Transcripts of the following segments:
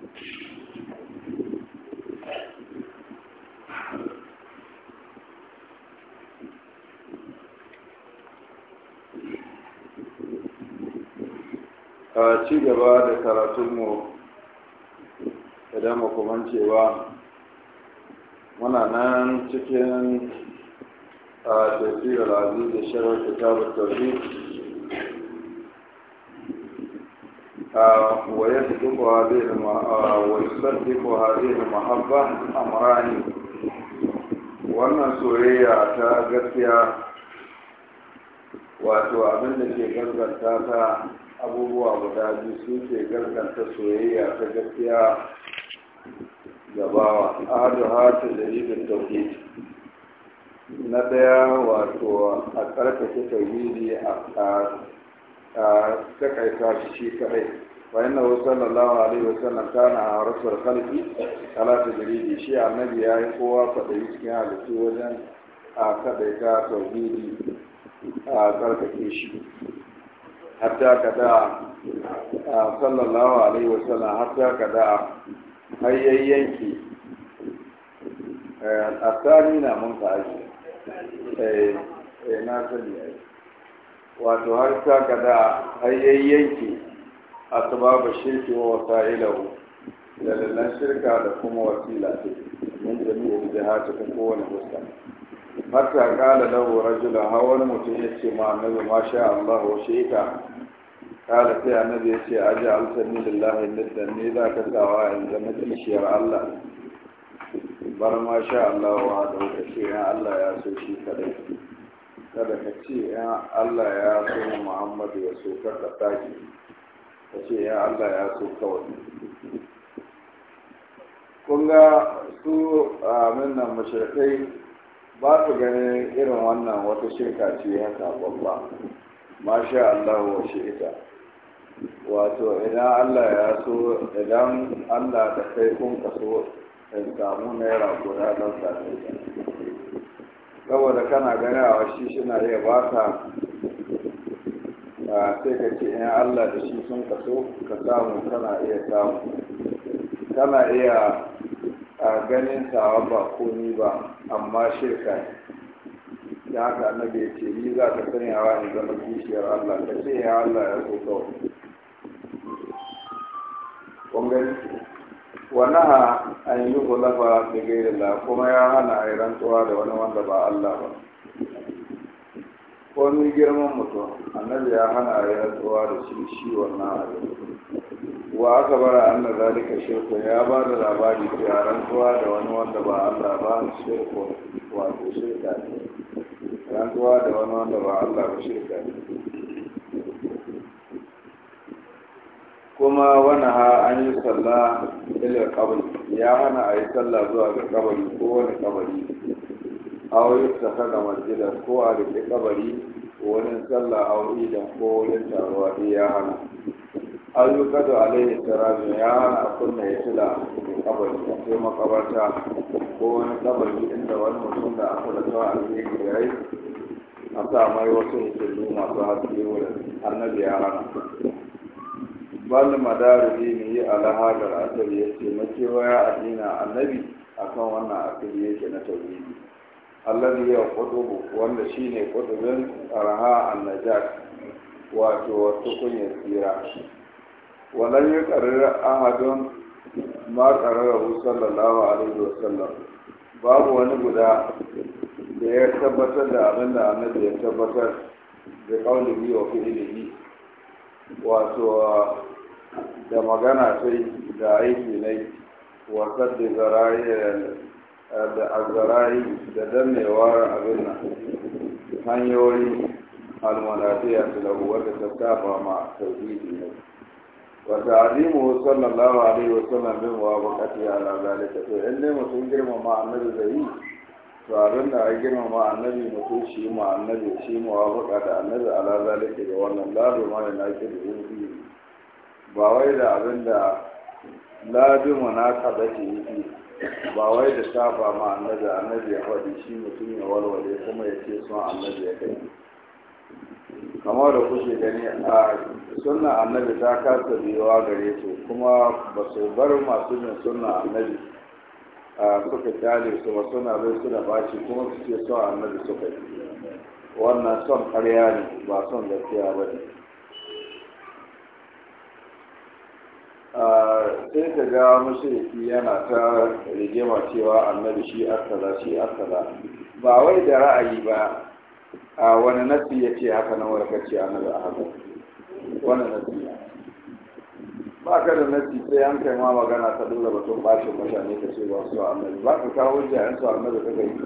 a ci gaba da karatunmu idan makaman cewa muna nan cikin a tafiyar aziz da shirar kitabar tauhid ويصدق هذه ويصدق هذه المحبة أمران wannan soyayya ta wato abin da ke garganta ta abubuwa guda biyu su ke garganta soyayya ta gaskiya gabawa ahadu hatu da ribin tauhid na ɗaya wato a yi tauhidi a takaita shi kadai فإنه صلى الله عليه وسلم كان أعرف الخلق على تجريده شيء النبي يا إخوة فديسك على توجن أكدك توحيدي أكدك إيشي حتى كدا صلى الله عليه وسلم حتى كدا هيا ينكي الثاني نامون تعيش eh na sani wato har ta kada har asbab shirki wa wasailahu dalilan shirka da kuma wasila min jami'in jihatin kowane fuska hatta kala lahu rajula ha wani mutum ya ce ma annabi ma Allah wa shika kala sai ce aji alsani lillahi niddan ne za ka sawa in zama kishiyar Allah bar ma sha Allah wa da ka ya Allah ya so kadai kada ka ce Allah ya so Muhammadu ya so da taki ka ce ya Allah ya so kawai kun ga su a nan mashirkai ba su ganin irin wannan wata shirka ce haka babba masha Allah wa shi ita wato idan Allah ya so idan Allah da kai kun kaso in samu naira guda don sami saboda kana ganawa shi suna iya ba ta sai ka ce in Allah da shi sun kaso ka samu kana iya samu kana iya ganin tawa ba komi ba amma shirka ne ya haka na bai ce ni za ka sanyawa in zama kishiyar Allah ka ce ya Allah ya so kawai kun wani ha an yi hulafa da gairila kuma ya hana a yi rantsuwa da wani wanda ba Allah ba wani girman mutum annabi ya hana ya rantsuwa da shi shi wannan abu wa aka bara anna zalika shirko ya ba da labari ya rantsuwa da wani wanda ba Allah ba shirku wato shirka ne rantsuwa da wani wanda ba Allah ba shirka ne kuma wani ha an yi sallah ilil kabari ya hana a yi sallah zuwa ga kabari ko wani kabari a wani ta kada masjidar ko a rike kabari wurin sallah a wuri da ko wurin taruwa ɗi ya hana an yi kado alaihi ya hana a kunna ya tila kabari sai makabarta ko wani kabari inda wani mutum da aka da tawa alheri ya yi. a sa mai wasu hikilu masu haske wurin annabi ya hana bani madarari ne yi alahadar asali ya ce makewaya ya adina annabi akan wannan asali yake na tauhidi alladhi ya qutubu wanda shine qutubin arha an-najat wato kun tukunyar tsira walan yuqarrir ahadun ma qararahu sallallahu alaihi wasallam babu wani guda da ya tabbatar da abin da annabi ya tabbatar da kaulihi wa fi'lihi wato da magana sai da aiki ne wa sadda zara'ir da azarai da damewa abin nan hanyoyi almanafiya su lahu da ta kafa ma tauhidi ne wata alimu sallallahu alaihi wasallam bin wa bukati ala zalika to in ne mutum girmama annabi zai yi to abin da a girmama annabi mutum shi ma annabi shi ma wa buka da annabi ala zalika da wannan lado ma da nake da yin ba wai da abin da ma na kada ke yi ba wai da saba ma annabi annabi ya faɗi shi mutum ya walwale kuma ya ce sun annabi ya kai kamar da kuke gani a sunna annabi ta kasa biyuwa gare su kuma ba su bar masu bin sunna annabi suka kyale su ba suna bai suna baci kuma su ce son annabi suka yi wannan son karya ne ba son gaskiya ba ne sai ka ga mashirki yana ta rigima cewa annabi shi akaza shi akaza ba wai da ra'ayi ba a wani nasi ya ce haka na warkar ce annabi a haka wani nasi ba ka da nasi sai an kai ma magana ta dole batun bashin mutane ka ce ba su annabi ba ka kawo jiyan su annabi ka gani.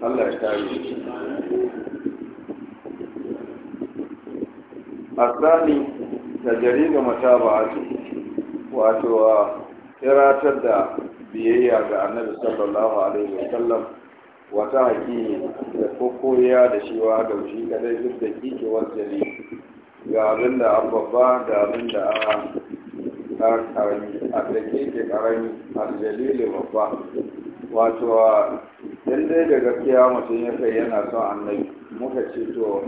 Allah ya A asali da jarida mata ba a ce wato kiratar da biyayya ga annabi sallallahu alaihi sallam wata haƙi da kokoya da shiwa ga shi kadai duk da kike ne ga abin da an babba da abin da a karami a da kike karami a jalili babba wato in dai da gaskiya mutum ya kai yana son annabi muka ce to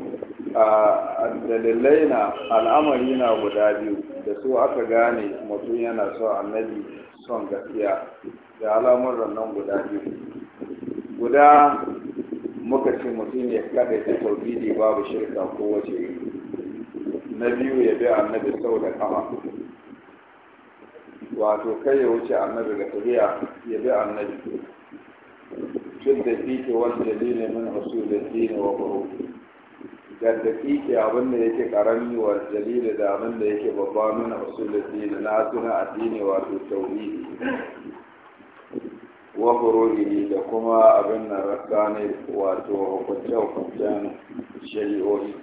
a dalilai na al'amari na guda biyu da su aka gane mutum yana so annabi son gaskiya da alamun nan guda biyu guda muka ce mutum ya kada ta tauhidi babu shirka ko wace na biyu ya bi annabi sau da kama wato kai ya wuce annabi ga tafiya ya bi annabi tun da fi ke wani dalilin min usul da dini wa baro ga ke abin da yake karami wa jalili da abin da yake babba nuna usulul na suna addini wato tauhidi wa furu'i da kuma abin na rakkani wato hukunce hukuncen shari'o'i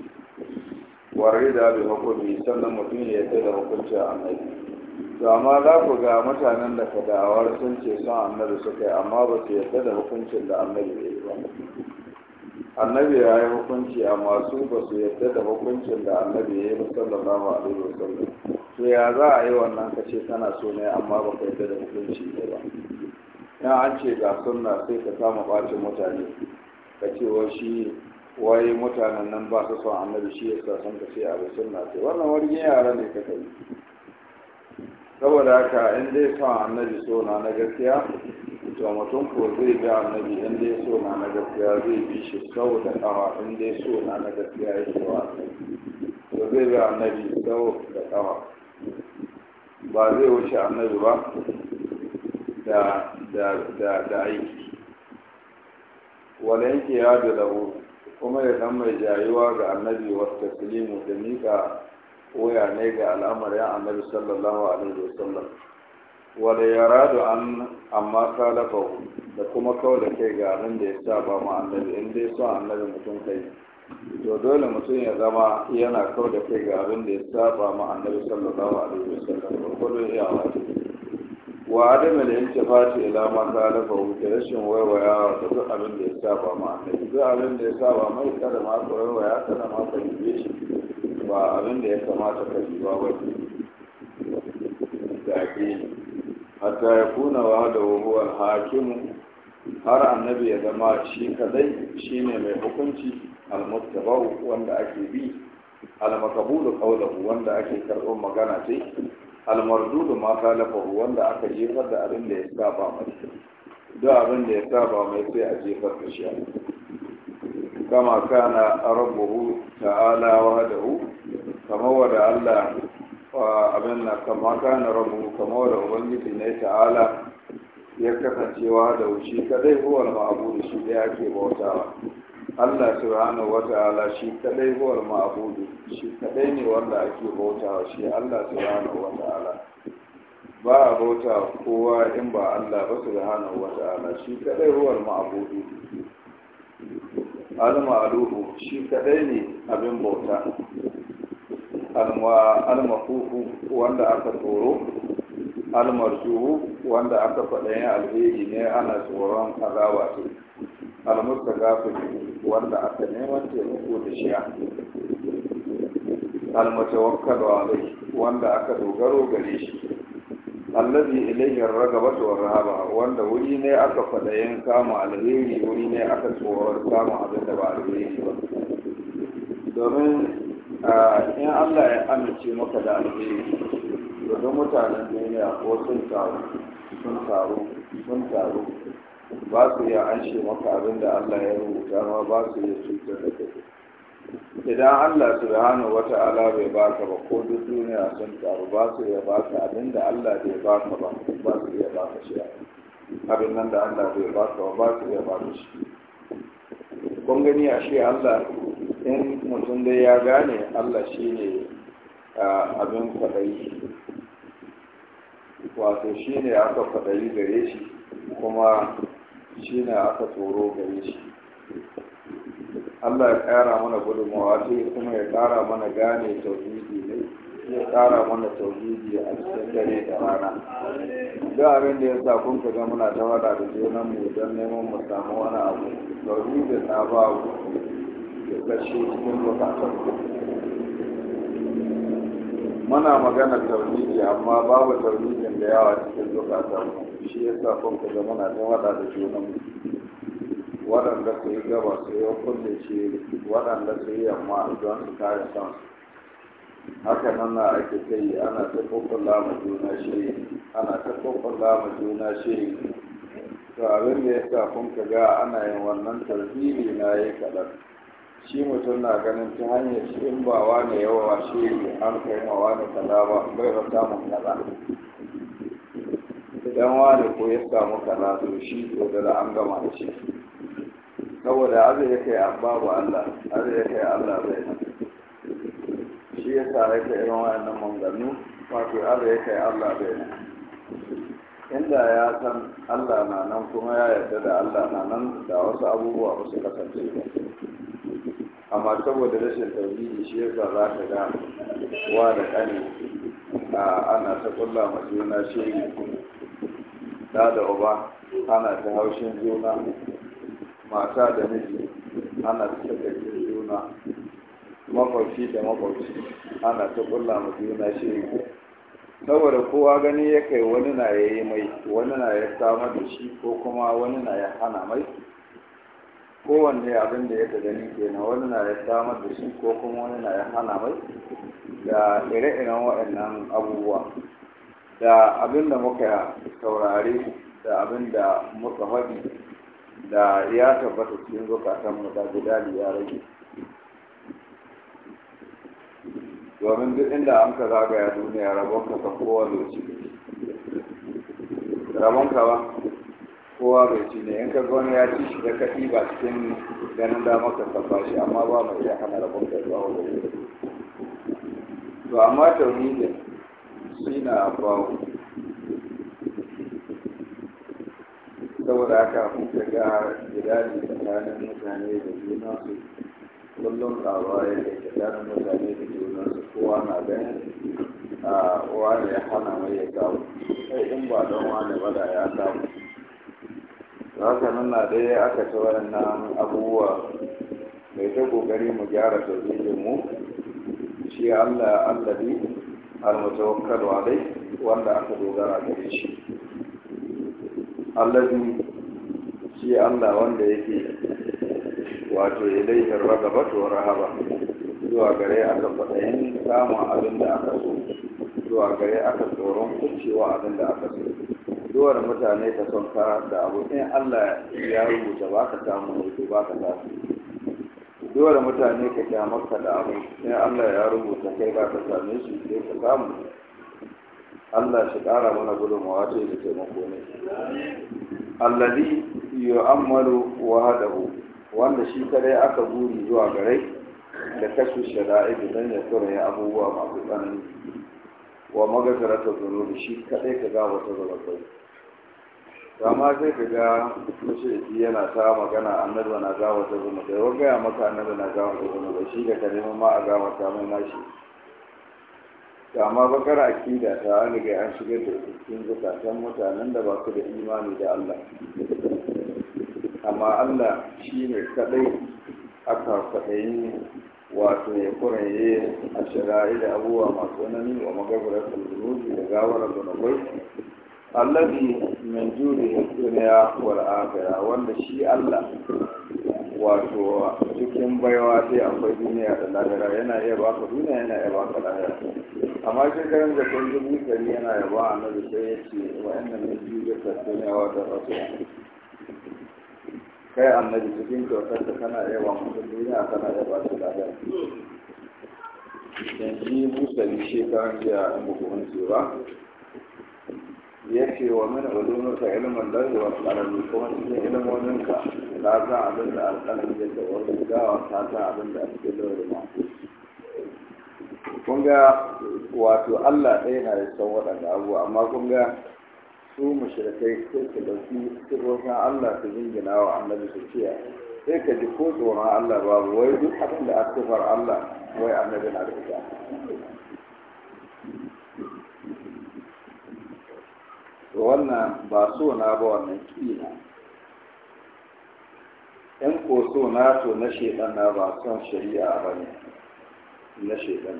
warida bi hukumi sannan mutum ya yarda da hukuncin annabi to amma za ku ga mutanen da kadawar sun ce sun annabi suka yi amma ba su yadda da hukuncin da annabi ya yi ba annabi ya yi hukunci amma su basu su yadda da hukuncin da annabi ya yi a alaihi wasallam to ya za a yi wannan ka ce kana so ne amma ba ka yadda da hukunci ne ba ya an ce ga sunna sai ka samu bacin mutane ka ce wa shi waye mutanen nan ba su son annabi shi yasa son ka ce a sunna sai wannan wani yara ne ka kai saboda haka in dai son annabi so na na gaskiya to mutum ko zai bi annabi in dai so na na gaskiya zai bi shi sau da kawa in dai so na na gaskiya ke wa to zai bi annabi sau da kawa ba zai wuce annabi ba da da da da aiki wala yake ya da kuma ya dan mai jayuwa ga annabi wasu taslimu da miƙa koya ne ga al'amarin annabi sallallahu alaihi wasallam wala yaradu an amma kalafahu da kuma kawai da kai ga abin da ya ba ma annabi in dai so annabi mutum kai to dole mutum ya zama yana kawai da kai ga abin da ya ba ma annabi sallallahu alaihi wasallam ba kullum iyawa wa adama da yanke fati ila ma kalafa da rashin waiwaya da duk abin da ya ba ma annabi duk abin da ya ba mai kada ma ka waiwaya kada ma ka yi shi ba abin da ya kamata ka ba ba zaƙi hatta ya kuna wa da wuhuwar hakimu har annabi ya zama shi kadai shine mai hukunci almustabau wanda ake bi almakabulu qawluhu wanda ake karɓar magana ce almardudu ma kalafahu wanda aka jefar da abin da ya saba mai duk abin da ya saba mai sai a jefar da shi kama kana rabbuhu ta'ala wahdahu kamar wadda Allah abin na kama kana rabu kamar wadda ubangiji ne ta'ala ya kasancewa da wuce kadai huwar ma'abudu shi da ke bautawa Allah rana wa ta'ala shi kadai huwar ma'abudu shi kadai ne wanda ake bautawa shi Allah rana wa ta'ala ba a bauta kowa in ba Allah ba rana wa ta'ala shi kadai huwar ma'abudu al-ma'luhu shi kadai ne abin bauta almafufu wanda aka tsoro almarjuhu wanda aka yin alheri ne ana tsoron azawa ce gafin wanda aka neman taimako da shiya almatawakkal alai wanda aka dogaro gare shi allazi ilayhi ragabatu wa rahaba wanda wuri ne aka faɗa yin kama alheri wuri ne aka tsoron kama abin da ba alheri ba domin in Allah ya amince maka da alheri don mutanen duniya ko sun taru sun taru sun taru ba su iya anshe maka abin da Allah ya rubuta ma ba su iya cutar da kai idan Allah subhanahu wata ala bai baka ba ko duk duniya sun taru ba su iya baka abin da Allah bai baka ba ba su iya baka shi abin nan da Allah bai baka ba ba su iya baka shi kun gani ashe Allah in mutum dai ya gane allah shi ne abin kwaɗayi wato shi ne aka kwaɗayi gare shi kuma shi ne aka tsoro gare shi allah ya ƙara mana gudunmawa sai kuma ya ƙara mana gane tauhidi ne ya ƙara mana tauhidi a cikin dare da rana duk abin da ya sa kun ga muna ta wada da junan mu don neman mu samu wani abu tauhidi na ba ya muna magana tauhidi amma babu tauhidin da yawa cikin bukatun shi ya sa kuma da muna na ta wada da junan waɗanda su yi gaba su yi kulle ce waɗanda su yi yamma don su kare san haka nan na ake kai ana ta kokola ma juna shi ana ta kokola ma juna shi to abin da ya sa kun ga ana yin wannan tarbili na yi kaɗan shi mutum na ganin ta hanyar shi in ba wani yawa shi an kai ma ne kaza ba bai ba samun kaza idan wani ko ya samu kaza to shi to da an gama da shi saboda azu ya kai an babu Allah azu ya kai Allah zai nan shi ya sa ya kai irin wa'annan manganu wato azu ya kai Allah zai nan inda ya san Allah na nan kuma ya yarda da Allah na nan da wasu abubuwa ba su kasance ba amma saboda rashin tauhidi shi yasa za ka ga wa da kane ana ta kulla ma juna shiri da da uba ana ta haushin juna mata da miji ana ta sakacin juna makwabci da makwabci ana ta kulla ma juna shiri saboda kowa gani ya kai wani na ya yi mai wani na ya samar da shi ko kuma wani na ya hana mai kowanne abin da ya ka gani kenan wani na ya samar da shi ko kuma wani na ya hana mai da ire-iren waɗannan abubuwa da abin da muka saurari da abin da muka haɗi da ya tabbata cikin mu da guda ya rage domin duk inda an ka zagaya duniya rabon ka ka kowa lokaci rabon ka ba kowa bai ci ne in ka wani ya ci shi da kaɗi ba cikin ganin damar ka kafa shi amma ba mai iya hana rabon da zuwa wani to amma tauhidin shi na bawo saboda haka mun ka ga gidaje tsakanin mutane da juna su kullum a baya da tsakanin mutane da juna su kowa na ganin a wani ya hana mai ya kawo sai in ba don wani bada ya samu haka nuna dai ɗaya aka ci waɗannan abubuwa mai ta ƙoƙari mu gyara tauhidin mu shi Allah allabi almutawakkalu dai wanda aka dogara da shi allabi shi Allah wanda yake wato ilaihi ragabatu wa rahaba zuwa gare aka yin samun abin da aka so zuwa gare aka tsoron kucewa abin da aka so dole mutane ta son ka da abu in Allah ya rubuta ba ka samu hutu ba ka tafi dole mutane ka kyamar da abu in Allah ya rubuta kai ba ka same shi sai ka samu Allah shi ƙara mana gudunmawa ce da taimako ne alladhi yu'ammalu wahdahu wanda shi kare aka buri zuwa gare da kasu shara'i dan ya ya abubuwa masu tsanani wa magazarata zunubi shi kadai ka gabata zuwa kai ma sai ka ga mashirki yana ta magana annabi na gawa ta zuma da yawan gaya maka annabi na gawa ta zuma da shi da neman ma a gawa ta mai nashi to ma bakar akida ta wani an shigar da cikin zukatan mutanen da ba su da imani da Allah amma Allah shi ne kadai aka kadai wato ya kuraye a shara'i da abubuwa masu tsanani wa magabarar da gawar zunubai allazi min juri duniya wal akhirah wanda shi Allah wato cikin baiwa sai akwai duniya da lahira yana iya baka duniya yana iya baka lahira amma shi shekarun da kun dubu ɗari yana iya ba annabi sai ya ce wa inna min juri duniya wa da rasul kai annabi cikin kyautar da kana iya ba mutum duniya kana iya ba su lahira yanzu musali shekaran jiya in ba ku ba yake wa min ulumuka ilmin lahi wa qalami kuma cikin ilmominka ka za a da da ta wasu gawa ta san abin da ake lura ma kun ga wato Allah ɗaya na da son waɗanda abu amma kun ga su mashirkai sai ka ɗauki sirrin Allah su jingina wa annabi su ciya sai ka ji ko tsoron Allah babu wai duk abin da aka fara Allah wai annabi na da ita to wannan ba so na ba wannan kina in ko so na to na shaidan na ba son shari'a ba ne na shaidan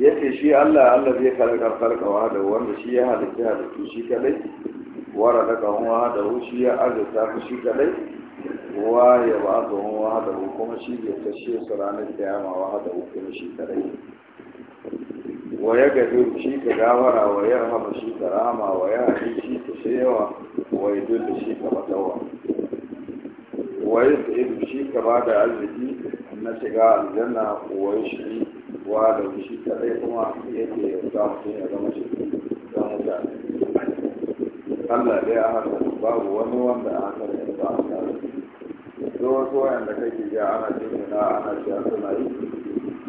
ya ce shi Allah Allah zai karkar karkawa da wanda shi ya halitta halittu shi kadai wara daga hunwa da hu shi ya arzuta ku shi kadai wa ya ba hunwa da hu kuma shi ya tashe su ranar kiyama wa da hu kuma shi kadai wa ya gado shi ka gawara wa ya rahama shi ka rama wa ya haɗi shi ka shewa wa ya dole shi ka batawa wa ya sa'idu shi ka ba da arziki na shiga aljanna wa ya shi wa da shi kaɗai kuma yake za mutum ya zama shi don mutane Allah dai a haka babu wani wanda a haka da ba a kare duk wasu wayanda kake ga ana jin ana siyasa na yi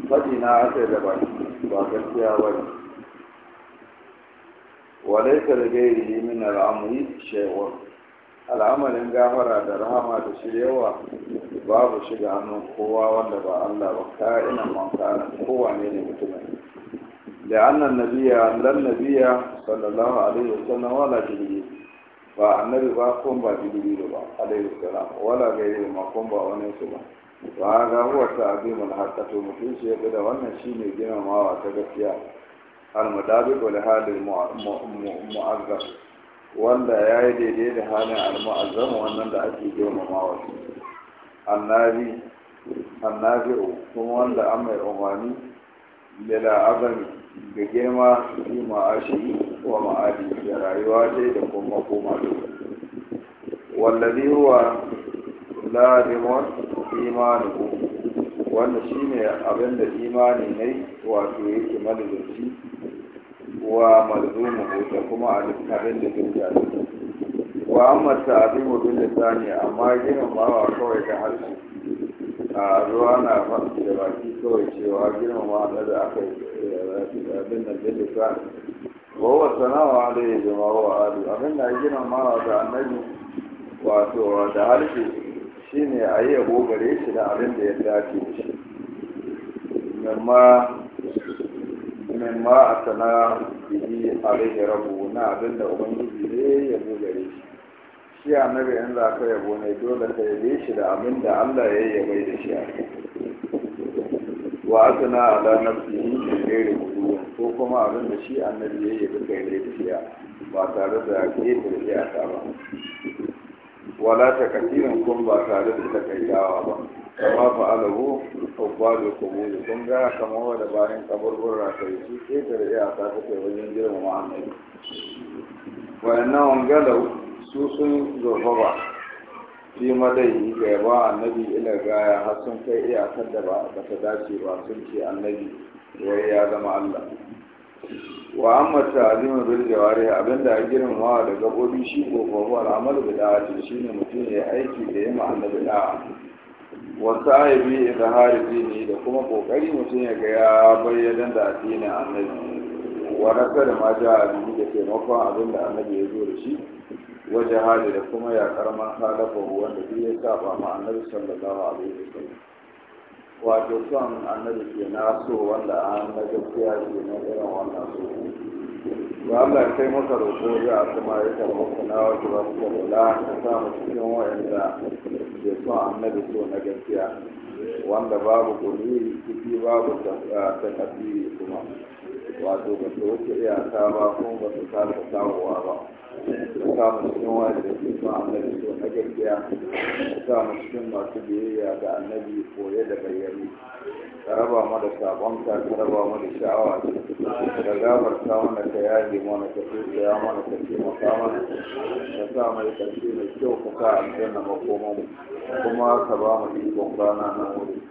faɗi na aka da baki ba gaskiya ba ne walaita da gairi min al'amuri shaiwar al'amarin gafara da rahama da yawa babu shiga hannun kowa wanda ba Allah ba ka'inan mankanan kowa ne ne mutumin da annan nabiya lan nabiya sallallahu alaihi wa sallam wala jibril ba annabi ba kun ba jibril ba alaihi sallam wala gairi ma kun ba wani su ba wa ga huwa ta'zimul to mutum shi ya da wannan shi gina mawa ta gaskiya al ko da halin mu'azzam wanda ya yi daidai da halin al mu'azzam wannan da ake girmamawa annabi annabi'u kuma wanda an mai umarni da azami ga girma fi ma'ashi wa ma'adi da rayuwa dai da kuma koma wallazi huwa lazimun imaninku, wanda shine abin da imani ne wato yake malzumci wa mazumu da kuma abin da zuciya wa amma ta'zimu da lisani amma mawa kawai da harshe a ruwa na faɗi da baki kawai cewa girmama da aka yi abin da bil lisani وهو الثناء عليه بما هو عالي أمنا يجينا ما da annabi wato da harshe. shi ne a yi yabo gare shi da abin da ya dace da shi mimma a sana bihi alaihi rabu na abin da ubangiji ne ya gare shi shi annabi in za ka yabo ne dole ka yabe shi da abin da allah ya yi yabai da shi a wa asana ala nafsihi min ghairi wudu ko kuma abin da shi annabi ya yabi kai da shi ba tare da ke da ta ba wala ta kasirin kun ba tare da takaitawa ba kama fa'alahu ubbalu kubuli kun ga kamar wadda bayan kaburburra ta yi su ke da iya ta take wajen girmama annabi wayannan wangalau su sun zurfafa fi madai ga yaba annabi ila gaya har sun kai iyakar da ba ta dace ba sun ce annabi wai ya zama allah wa amma ta'zimu bil jawari abinda a girmamawa da gabobi shi ko ko al'amal ce shine mutum ya aiki da yamma annabi da wa sahibi izhari dini da kuma kokari mutum ya ga ya bayyana da addinin annabi wa rasa da ma ja'a da taimakon abinda annabi ya zo da shi wajen hali da kuma ya karman halafa wanda duk ya saba ma annabi sallallahu alaihi wasallam wato son annabi ke na so wanda an na gaskiya ke na irin wannan so ba Allah kai maka roƙo ya kuma ya karɓa na wato ba su kula ka samu cikin wa'anda ke son annabi so na gaskiya wanda babu guri ciki babu takafi kuma wato ba su wuce iyaka ba kuma ba su kasa samuwa ba su kama cikin wani da ke annabi so na gaskiya su kama cikin masu biyayya ga annabi koye da bayyane ka raba mu da sabonka ka raba mu da sha'awa da gafarta mana ka yaje mana ka ya mana ka ka sa mai mai kyau ka sa aljanna makoman kuma ka ba mu ikon rana nan wuri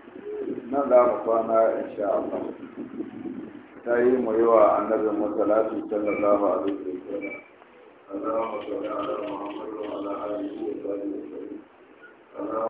nan da mu kwana insha Allah ta yi mayewa annabi masalatu sallallahu alaihi wa sallam اللهم a على محمد وعلى اله وصحبه وسلم